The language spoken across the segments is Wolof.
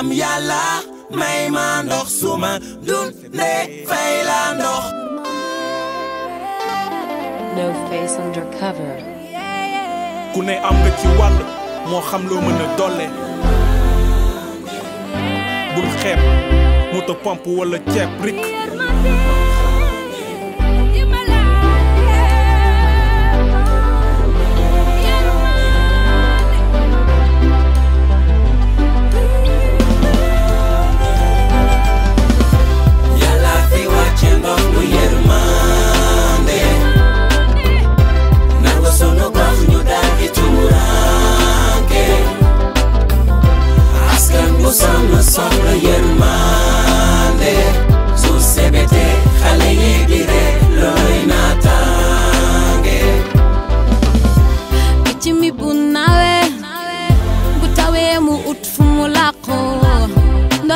maam ku ne am nga ci wàll moo xam loo mën a dolle. bul xeeb moto pompe wala ceeb rik.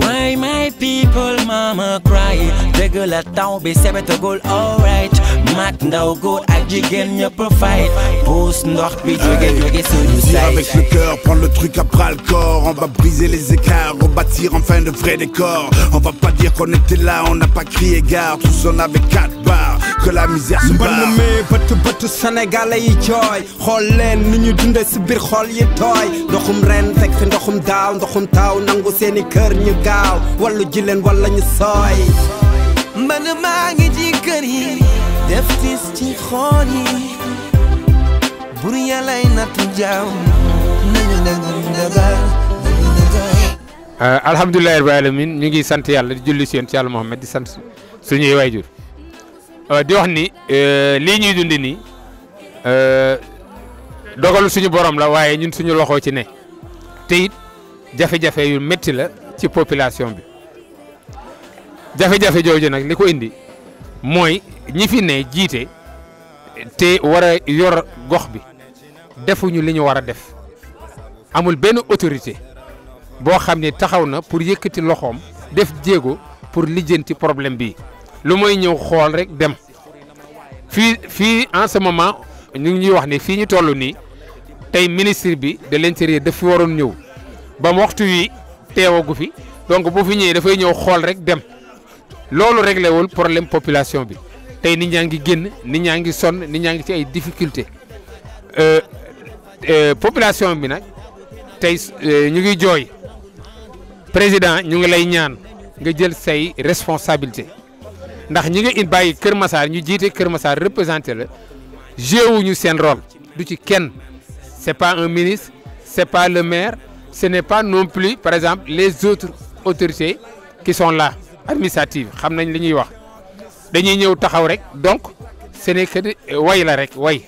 Why my people mama cry Dégg la taw bi sebetagul alright Mat ndaw góor ak jigéen ñëpp fight pousse ndox bi jóge jóge suñu avec le cœur, prendre le truc à bras le corps On va briser les écarts, rebâtir enfin de vrais décors On va pas dire qu'on était là, on n'a pas crié gare Tous on avait quatre que la misère se bat mbënn mi bëtt bëtt sénégalais yi jooy xool leen ni ñu dunde si biir xool yi tooy ndoxum ren fekk fi ndoxum daaw ndoxum taaw nangu seeni kër ñu gaaw wallu ji leen wala ñu sooy mbënn maa ngi ci kër yi def tiis ci xool yi bur yàllay nattu jaaw nañu nangu ndagal euh, alhamdulilah rabbil alamin ñu ngi sant yàlla di julli si yéen ci yàlla Muhammad di sant suñuy waajur Euh, di wax ni euh, lii ñuy dundi nii euh, dogalu suñu borom la waaye ñun suñu loxo ci ne te it jafe-jafe yu métti la ci population bi jafe-jafe jooju nag li ko indi mooy ñi fi ne jiite te war a yor gox bi defuñu li ñu war a def amul benn autorité boo xam ne taxaw na pour yëkkati loxoom def jéego pour lijjanti problème bi C'est ce rek dem en ce moment nous avons fini wax ni Le ñu ministre de l'intérieur de waron ba waxtu donc bu fi de voir xol rek dem lolu réglé wol problème population bi nit nit nit ci ay difficulté euh, euh, population bi nak tay euh, ñu ngi président ñu ngi lay ñaan nga jël responsabilité ndax ñi nga in bàyyi Kër Massar ñu jiite Kër Massar représenté la jéewuñu seen rôle du ci kenn c'est pas un ministre c'est pas le maire ce n'est pas non plus par exemple les autres autorités qui sont là administratives xam nañ li ñuy wax dañuy ñëw taxaw rek donc ce n'est que way la rek way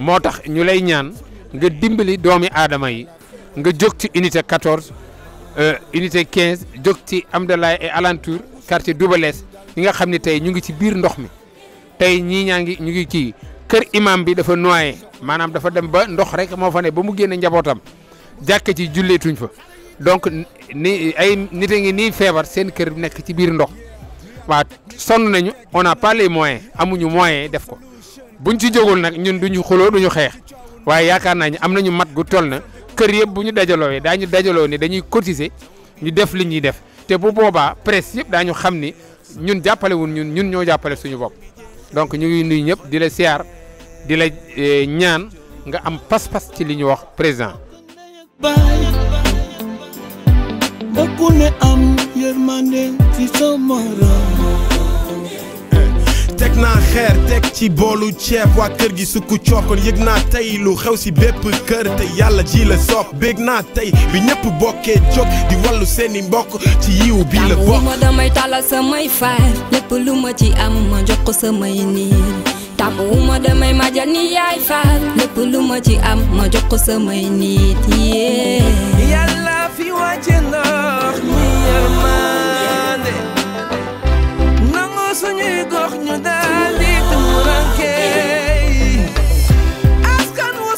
moo tax ñu lay ñaan nga dimbali doomi aadama yi nga jóg ci unité 14 euh, unité 15 jóg ci Amdalaay et alentour quartier s. ñi nga xam ne tey ñu ngi ci biir ndox mi tey ñii ñaa ngi ñu ngi kii kër imam bi dafa noyé maanaam dafa dem ba ndox rek moo fa ne ba mu génne njabootam jàkk ci julleetuñ fa donc ni ay nit a ngi nii feebar seen kër nekk ci biir ndox waaw sonn nañu on n'a pas les moyens amuñu moyens def ko buñ ci jógul nag ñun duñu xuloo duñu xeex waaye yaakaar naa ñu mat gu toll na kër yëpp bu ñu dajaloo daañu dajaloo dañuy cotiser ñu def li ñuy def te bu boobaa presse yëpp daañu xam ñun jàppale wun ñun ñun ñoo jàppale suñu bopp donc ñu ngi nuyu ñëpp di la siyaar di la eh, ñaan nga am pas-pas ci li ñu wax président ba ku ne am yërmande ci sa teg naa xeer teg ci boolu ceeb waa kër gi sukk cookoon yëg naa tey lu xew si bépp kër te yàlla ji la sopp bég naa tey bi ñëpp bokkee jóg di wallu seeni mbokk ci yiw bi la bokk ma damay talal samay faar lépp lu ma ci am ma jox ko samay niir tàmm wu ma damay maja yaay faal lépp lu ma ci am ma jox ko samay nit yee yàlla fi wàcce ndox mi yërmaa suñuy gox ñu daal di tumuranke askan wu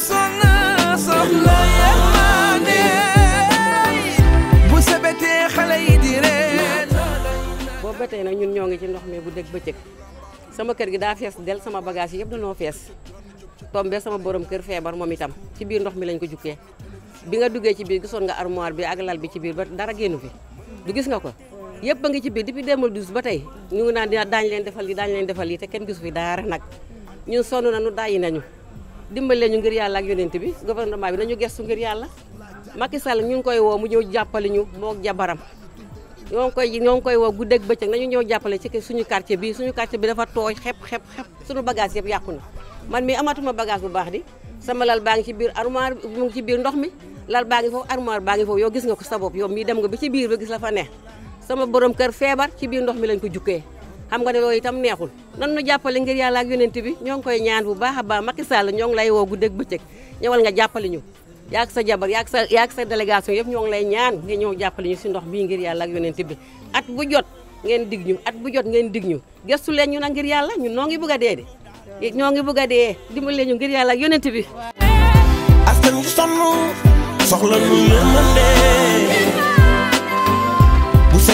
ñun ci ndox bu sama kër gi daa del sama bagage yëpp dañoo fees tombé sama borom kër feebar moom itam ci biir ndox mi lañ ko jukkee bi nga duggee ci biir gisoon nga armoire bi ak lal bi ci biir ba dara fi du gis nga ko yëpp a ngi ci biir depuis 2012 ba tey ñu ngi naan dina leen defal yi daañu leen defal yi te kenn gisu fi daara nag ñun sonn nañu daayi nañu dimbale ñu ngir yàlla ak yonent bi gouvernement bi nañu gestu ngir yàlla Macky Sall ñu ngi koy woo mu ñëw jàppale ñu moog jabaram ñoo ngi koy ñoo ngi koy woo guddeeg bëccëg nañu ñëw jàppale ci suñu quartier bi suñu quartier bi dafa tooy xep xep xep suñu bagage yëpp yàqu na man mii amatuma bagage bu baax di sama lal baa ngi ci biir armoire mu ci biir ndox mi lal baa ngi foofu armoire baa ngi foofu yow gis nga ko sa bopp yow mii nga ba ci biir ba gis la sama borom kër feebar ci biir ndox mi lañ ko jukkee xam nga ne loolu itam neexul nan nu jàppale ngir yàlla ak yonent bi ñoo ngi koy ñaan bu baax a baax Macky Sall ñoo ngi lay woo guddeeg bëccëg ñëwal nga jàppale ñu yaag sa jabar yaag sa yaag sa délégation yëpp ñoo ngi lay ñaan nga ñëw jàppale ñu si ndox bii ngir yàlla ak yonent bi at bu jot ngeen dig ñu at bu jot ngeen dig ñu gëstu leen ñu na ngir yàlla ñun noo ngi bëgg dee ñoo ngi bëgg a dee dimbali ñu ngir yàlla ak yonent bi askan gu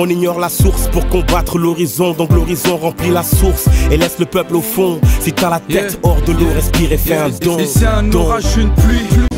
On ignore la source pour combattre l'horizon. Donc l'horizon remplit la source et laisse le peuple au fond. Si t'as la tête hors de l'eau, respire et fais un don. une pluie.